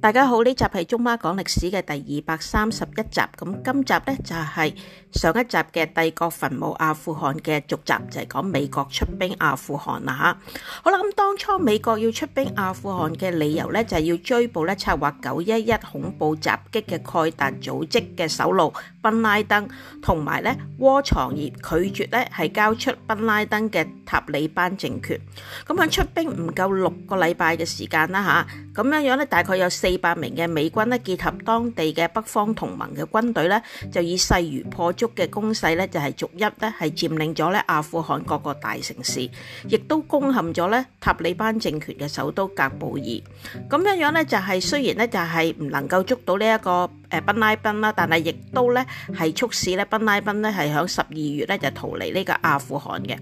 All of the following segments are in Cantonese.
大家好，呢集係中馬講歷史嘅第二百三十一集，咁今集呢就係上一集嘅帝國墳墓阿富汗嘅續集，就係講美國出兵阿富汗啦吓，好啦，咁當初美國要出兵阿富汗嘅理由呢，就係要追捕呢策劃九一一恐怖襲擊嘅蓋達組織嘅首腦。賓拉登同埋咧窩藏而拒絕咧係交出賓拉登嘅塔利班政權，咁樣出兵唔夠六個禮拜嘅時間啦吓，咁樣樣咧大概有四百名嘅美軍呢，結合當地嘅北方同盟嘅軍隊咧，就以勢如破竹嘅攻勢咧就係、是、逐一咧係佔領咗咧阿富汗各個大城市，亦都攻陷咗咧塔利班政權嘅首都喀布爾，咁樣樣咧就係雖然咧就係唔能夠捉到呢、這、一個。誒賓拉賓啦，但係亦都咧係促使咧賓拉賓咧係響十二月咧就逃離呢個阿富汗嘅。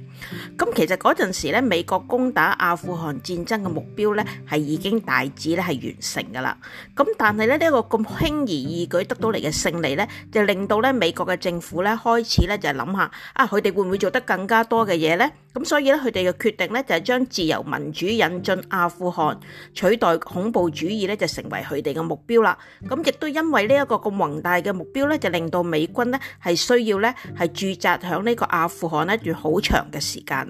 咁其實嗰陣時咧，美國攻打阿富汗戰爭嘅目標咧係已經大致咧係完成㗎啦。咁但係咧呢個咁輕而易舉得到嚟嘅勝利咧，就令到咧美國嘅政府咧開始咧就諗下，啊佢哋會唔會做得更加多嘅嘢咧？所以咧，佢哋嘅決定咧就係將自由民主引進阿富汗，取代恐怖主義咧就成為佢哋嘅目標啦。咁亦都因為呢一個咁宏大嘅目標就令到美軍係需要咧係駐紮響呢個阿富汗一段好長嘅時間。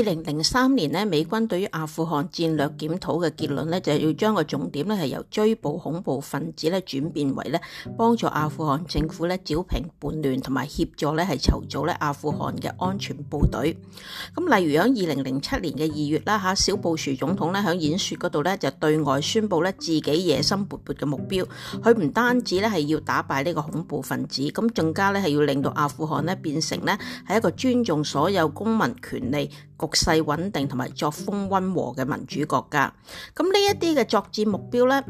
二零零三年呢，美軍對於阿富汗戰略檢討嘅結論呢，就要將個重點呢係由追捕恐怖分子咧轉變為咧幫助阿富汗政府咧剿平叛亂，同埋協助咧係籌組咧阿富汗嘅安全部隊。咁例如喺二零零七年嘅二月啦，嚇小布殊總統咧喺演説嗰度咧就對外宣布咧自己野心勃勃嘅目標。佢唔單止咧係要打敗呢個恐怖分子，咁更加咧係要令到阿富汗呢變成呢係一個尊重所有公民權利，局勢穩定同埋作風溫和嘅民主國家，咁呢一啲嘅作戰目標咧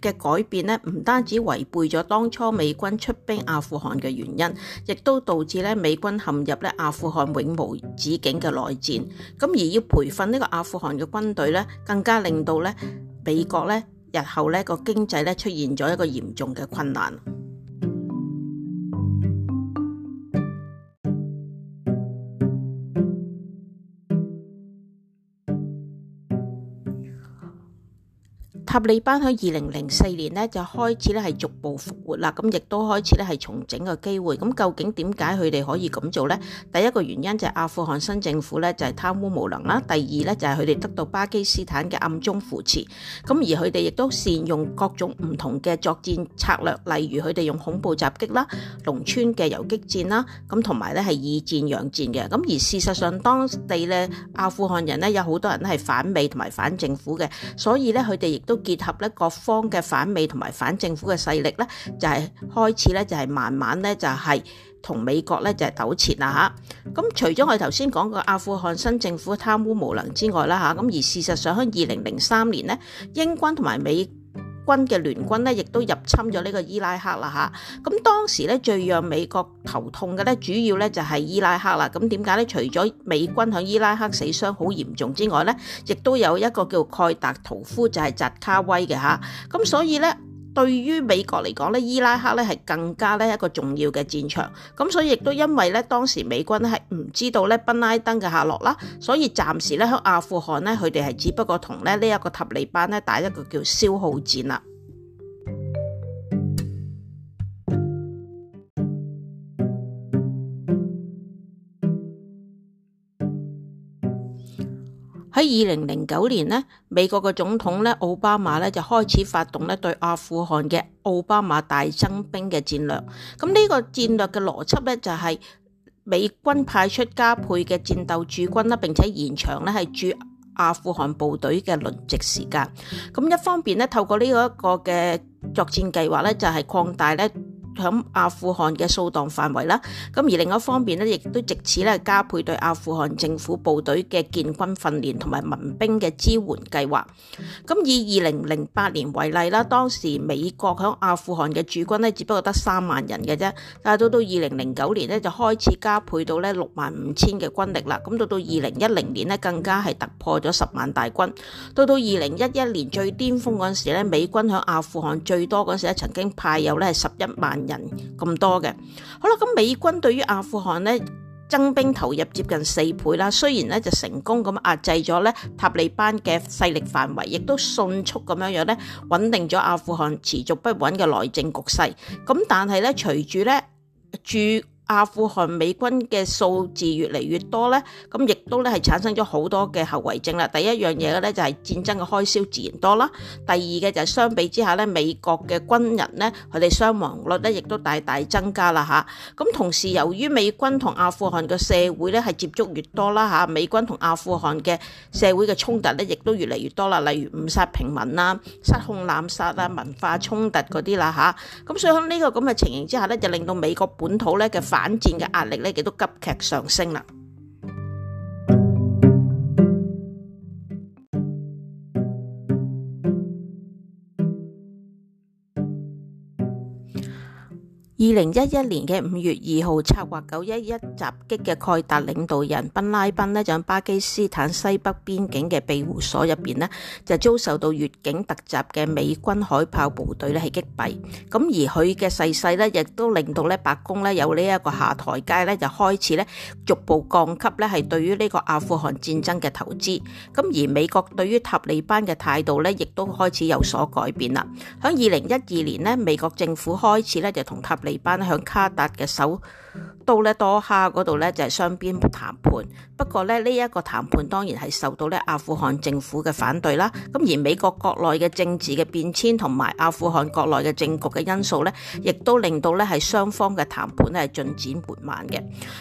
嘅改變咧，唔單止違背咗當初美軍出兵阿富汗嘅原因，亦都導致咧美軍陷入咧阿富汗永無止境嘅內戰。咁而要培訓呢個阿富汗嘅軍隊咧，更加令到咧美國咧日後咧個經濟咧出現咗一個嚴重嘅困難。塔利班喺二零零四年咧就開始咧係逐步復活啦，咁亦都開始咧係重整嘅機會。咁究竟點解佢哋可以咁做咧？第一個原因就係阿富汗新政府咧就係貪污無能啦，第二咧就係佢哋得到巴基斯坦嘅暗中扶持。咁而佢哋亦都善用各種唔同嘅作戰策略，例如佢哋用恐怖襲擊啦、農村嘅遊擊戰啦，咁同埋咧係以戰養戰嘅。咁而事實上當地咧阿富汗人咧有好多人咧係反美同埋反政府嘅，所以咧佢哋亦都結合咧各方嘅反美同埋反政府嘅勢力咧，就係開始咧就係慢慢咧就係同美國咧就係糾纏啦吓，咁除咗我哋頭先講過阿富汗新政府貪污無能之外啦吓，咁而事實上喺二零零三年咧，英軍同埋美軍嘅聯軍呢，亦都入侵咗呢個伊拉克啦嚇。咁當時咧，最讓美國頭痛嘅咧，主要咧就係伊拉克啦。咁點解咧？除咗美軍喺伊拉克死傷好嚴重之外咧，亦都有一個叫蓋達屠夫，就係扎卡威嘅嚇。咁所以咧。對於美國嚟講咧，伊拉克咧係更加咧一個重要嘅戰場，咁所以亦都因為咧當時美軍係唔知道咧賓拉登嘅下落啦，所以暫時咧喺阿富汗咧佢哋係只不過同咧呢一個塔利班咧打一個叫消耗戰啦。喺二零零九年呢，美國嘅總統咧奧巴馬咧就開始發動咧對阿富汗嘅奧巴馬大增兵嘅戰略。咁、這、呢個戰略嘅邏輯咧就係美軍派出加倍嘅戰鬥駐軍啦，並且延長咧係駐阿富汗部隊嘅輪值時間。咁一方面咧，透過呢一個嘅作戰計劃咧，就係擴大咧，響阿富汗嘅掃蕩範圍啦，咁而另一方面呢，亦都藉此呢，加倍對阿富汗政府部隊嘅建軍訓練同埋民兵嘅支援計劃。咁以二零零八年為例啦，當時美國響阿富汗嘅駐軍呢，只不過得三萬人嘅啫，但係到到二零零九年呢，就開始加倍到呢六萬五千嘅軍力啦。咁到到二零一零年呢，更加係突破咗十萬大軍。到到二零一一年最巔峰嗰陣時咧，美軍響阿富汗最多嗰陣時曾經派有呢十一萬。人咁多嘅，好啦，咁美軍對於阿富汗呢，增兵投入接近四倍啦，雖然呢就成功咁壓制咗咧塔利班嘅勢力範圍，亦都迅速咁樣樣咧穩定咗阿富汗持續不穩嘅內政局勢，咁但係咧隨住咧住，駐阿富汗美軍嘅數字越嚟越多咧，咁亦都咧係產生咗好多嘅後遺症啦。第一樣嘢嘅咧就係戰爭嘅開銷自然多啦。第二嘅就係相比之下咧，美國嘅軍人咧佢哋傷亡率咧亦都大大增加啦吓，咁同時由於美軍同阿富汗嘅社會咧係接觸越多啦吓，美軍同阿富汗嘅社會嘅衝突咧亦都越嚟越多啦，例如誤殺平民啦、失控濫殺啊、文化衝突嗰啲啦吓，咁所以呢個咁嘅情形之下咧，就令到美國本土咧嘅反戰嘅壓力咧，亦都急劇上升啦。二零一一年嘅五月二號，策劃九一一襲擊嘅蓋達領導人賓拉賓呢，就喺巴基斯坦西北邊境嘅庇護所入邊呢，就遭受到越境突襲嘅美軍海豹部隊呢係擊斃。咁而佢嘅逝世呢，亦都令到呢白宮呢有呢一個下台階呢，就開始呢逐步降級呢係對於呢個阿富汗戰爭嘅投資。咁而美國對於塔利班嘅態度呢，亦都開始有所改變啦。響二零一二年呢，美國政府開始呢，就同塔利。而班響卡達嘅手。到呢多哈嗰度呢，就係雙邊談判，不過呢，呢一個談判當然係受到咧阿富汗政府嘅反對啦。咁而美國國內嘅政治嘅變遷同埋阿富汗國內嘅政局嘅因素呢，亦都令到呢係雙方嘅談判咧係進展緩慢嘅。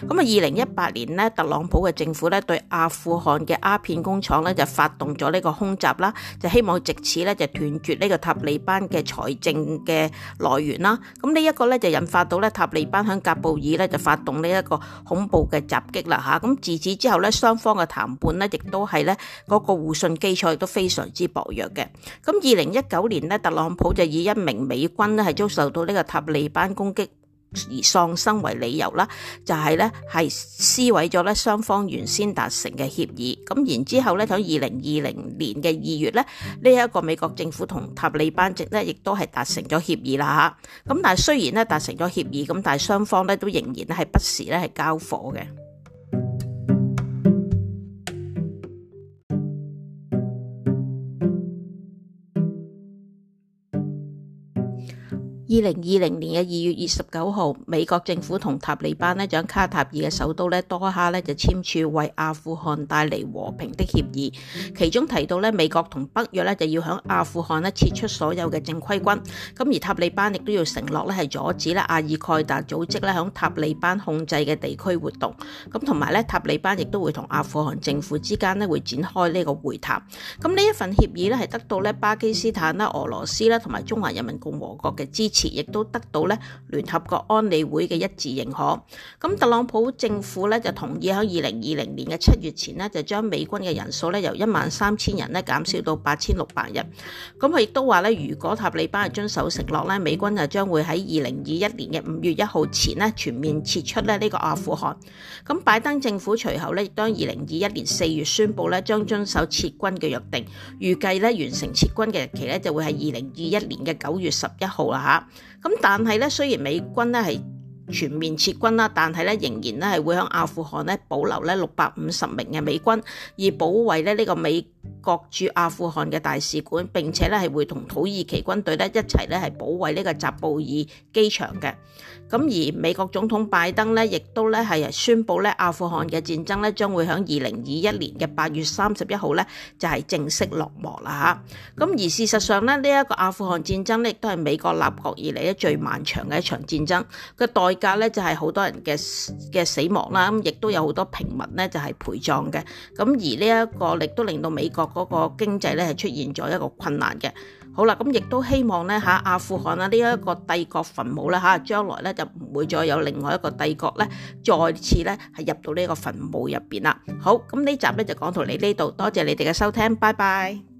咁啊，二零一八年呢，特朗普嘅政府呢對阿富汗嘅鴉片工廠呢就發動咗呢個空襲啦，就希望借此呢就斷絕呢個塔利班嘅財政嘅來源啦。咁呢一個呢就引發到呢塔利班響喀布爾。就發動呢一個恐怖嘅襲擊啦吓，咁自此之後咧，雙方嘅談判咧亦都係咧、嗰個互信基礎都非常之薄弱嘅。咁二零一九年咧，特朗普就以一名美軍咧係遭受到呢個塔利班攻擊。而喪生為理由啦，就係咧係撕毀咗咧雙方原先達成嘅協議，咁然之後咧喺二零二零年嘅二月咧，呢一個美國政府同塔利班直咧亦都係達成咗協議啦吓，咁但係雖然咧達成咗協議，咁但係雙方咧都仍然係不時咧係交火嘅。二零二零年嘅二月二十九號，美國政府同塔利班咧喺卡塔爾嘅首都咧多哈咧就簽署為阿富汗帶嚟和平的協議，其中提到咧美國同北約咧就要喺阿富汗咧撤出所有嘅正規軍，咁而塔利班亦都要承諾咧係阻止咧阿爾蓋達組織咧喺塔利班控制嘅地區活動，咁同埋咧塔利班亦都會同阿富汗政府之間咧會展開呢個會談，咁呢一份協議咧係得到咧巴基斯坦啦、俄羅斯啦同埋中華人民共和國嘅支持。亦都得到咧聯合國安理會嘅一致認可。咁特朗普政府咧就同意喺二零二零年嘅七月前呢，就將美軍嘅人數咧由一萬三千人咧減少到八千六百人。咁佢亦都話咧，如果塔利班係遵守承諾咧，美軍就將會喺二零二一年嘅五月一號前呢全面撤出咧呢個阿富汗。咁拜登政府隨後咧當二零二一年四月宣布咧將遵守撤軍嘅約定，預計咧完成撤軍嘅日期咧就會係二零二一年嘅九月十一號啦吓。咁但係咧，雖然美軍咧係全面撤軍啦，但係咧仍然咧係會喺阿富汗呢保留呢六百五十名嘅美軍，而保衛咧呢個美國駐阿富汗嘅大使館，並且咧係會同土耳其軍隊呢一齊呢係保衛呢個扎布爾機場嘅。咁而美國總統拜登呢，亦都咧係宣布咧阿富汗嘅戰爭呢將會喺二零二一年嘅八月三十一號呢就係正式落幕啦嚇。咁而事實上呢，呢、這、一個阿富汗戰爭呢，亦都係美國立國以嚟呢最漫長嘅一場戰爭嘅代。而家咧就係好多人嘅嘅死亡啦，咁亦都有好多平民咧就係陪葬嘅，咁而呢一個亦都令到美國嗰個經濟咧係出現咗一個困難嘅。好啦，咁亦都希望咧吓阿富汗啊呢一個帝國墳墓啦吓，將來咧就唔會再有另外一個帝國咧再次咧係入到呢個墳墓入邊啦。好，咁呢集咧就講到你呢度，多謝你哋嘅收聽，拜拜。